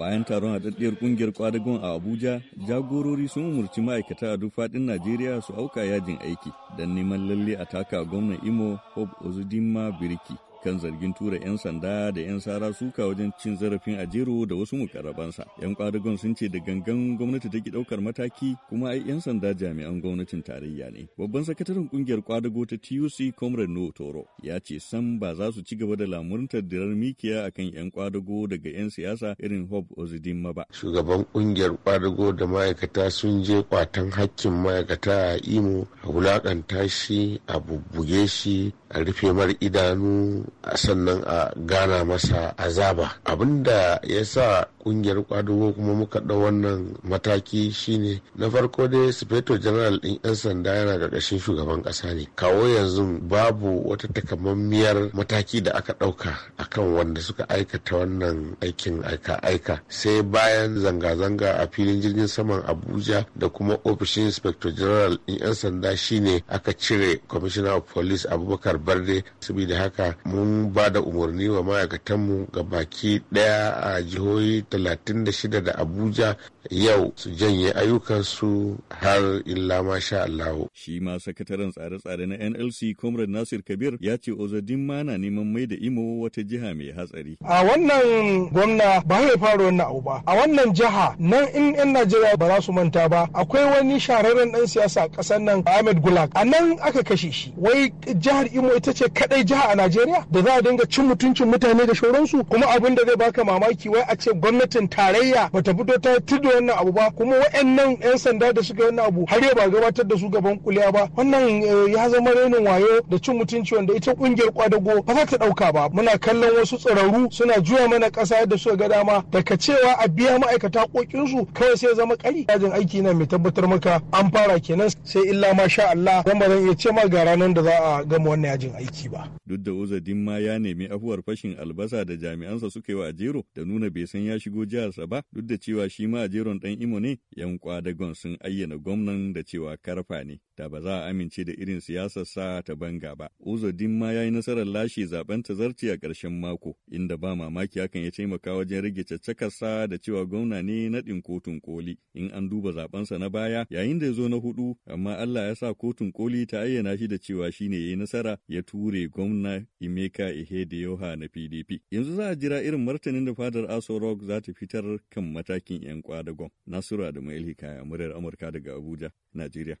bayan taron haɗaɗɗiyar ƙungiyar kwadagon a abuja jagorori sun umarci ma'aikata a duk faɗin najeriya su auka yajin aiki don neman lalle a taka gwamnan imo hope ozudinma birki. kan zargin tura 'yan sanda da 'yan sara suka wajen cin zarafin ajero da wasu mukarrabansa. 'Yan kwadagon sun ce da gangan gwamnati ta ki ɗaukar mataki kuma ai 'yan sanda jami'an gwamnatin tarayya ne. Babban sakataren kungiyar kwadago ta TUC Comrade No Toro ya ce san ba za su ci gaba da lamurtar dirar mikiya akan 'yan kwadago daga 'yan siyasa irin Hob ma ba. Shugaban kungiyar kwadago da ma'aikata sun je kwatan hakkin ma'aikata a Imo a wulakanta shi a bubbuge shi a rufe mar idanu sannan a gana masa azaba abinda ya sa kungiyar kwadugo kuma muka da wannan mataki shine na farko dai sufeto general ɗin 'yan sanda yana kashin shugaban ƙasa ne kawo yanzu babu wata takamammiyar mataki da aka ɗauka akan wanda suka aikata wannan aikin aika-aika sai bayan zanga-zanga a filin jirgin saman abuja da kuma ofishin inspector general ɗin 'yan sanda shine aka cire commissioner of police abubakar barde saboda haka mun ba da umarni wa ma'aikatanmu ga baki daya a jihohi 36 da abuja yau su janye ayyukansu har illa masha allahu shi ma sakataren tsare-tsare na nlc comrade nasir kabir ya ce ozadin na neman mai da imo wata jiha mai hatsari a wannan gwamna ba ya fara wannan abu ba a wannan jiha nan in yan najeriya ba za su manta ba akwai wani shahararren dan siyasa kasan nan ahmed gulag a nan aka kashe shi wai jihar imo Kano ita ce kadai jiha a Najeriya da za a dinga cin mutuncin mutane da shauransu kuma abin da zai baka mamaki wai a ce gwamnatin tarayya bata fito ta tudu wannan abu ba kuma wa'annan 'yan sanda da suka wannan abu har ya ba gabatar da su gaban kuliya ba wannan eh, ya zama renin wayo da cin mutunci wanda ita kungiyar kwadago ba za ta dauka ba muna kallon wasu tsararru suna juya mana kasa da suka ga dama daga cewa a biya ma'aikata kokinsu kawai sai zama kari yajin aiki na mai tabbatar maka an fara kenan sai illa ma sha Allah dan ba zan iya ce ma ga ranar da za a gama wannan yajin aiki ba duk da uzadin ma ya nemi afuwar fashin albasa da jami'ansa suka yi wa ajero da nuna bai san ya shigo jiharsa ba duk da cewa shi ma ajeron dan imo ne yan kwadagon sun ayyana gwamnan da cewa karfa ne da ba za a amince da irin siyasar sa ta banga ba uzadin ma ya yi nasarar lashe zaben tazarci a karshen mako inda ba mamaki hakan ya taimaka wajen rage caccakarsa da cewa gwamna ne naɗin kotun koli in an duba zabensa na baya yayin da ya zo na hudu amma Allah ya sa kotun koli ta ayyana shi da cewa shine ya yi nasara ya ture gwamna gwamna Emeka Ihede na PDP. Yanzu za a jira irin martanin da fadar Aso Rock za ta fitar kan matakin 'yan kwadagon. Nasura da Mailika, muryar Amurka daga Abuja, Najeriya.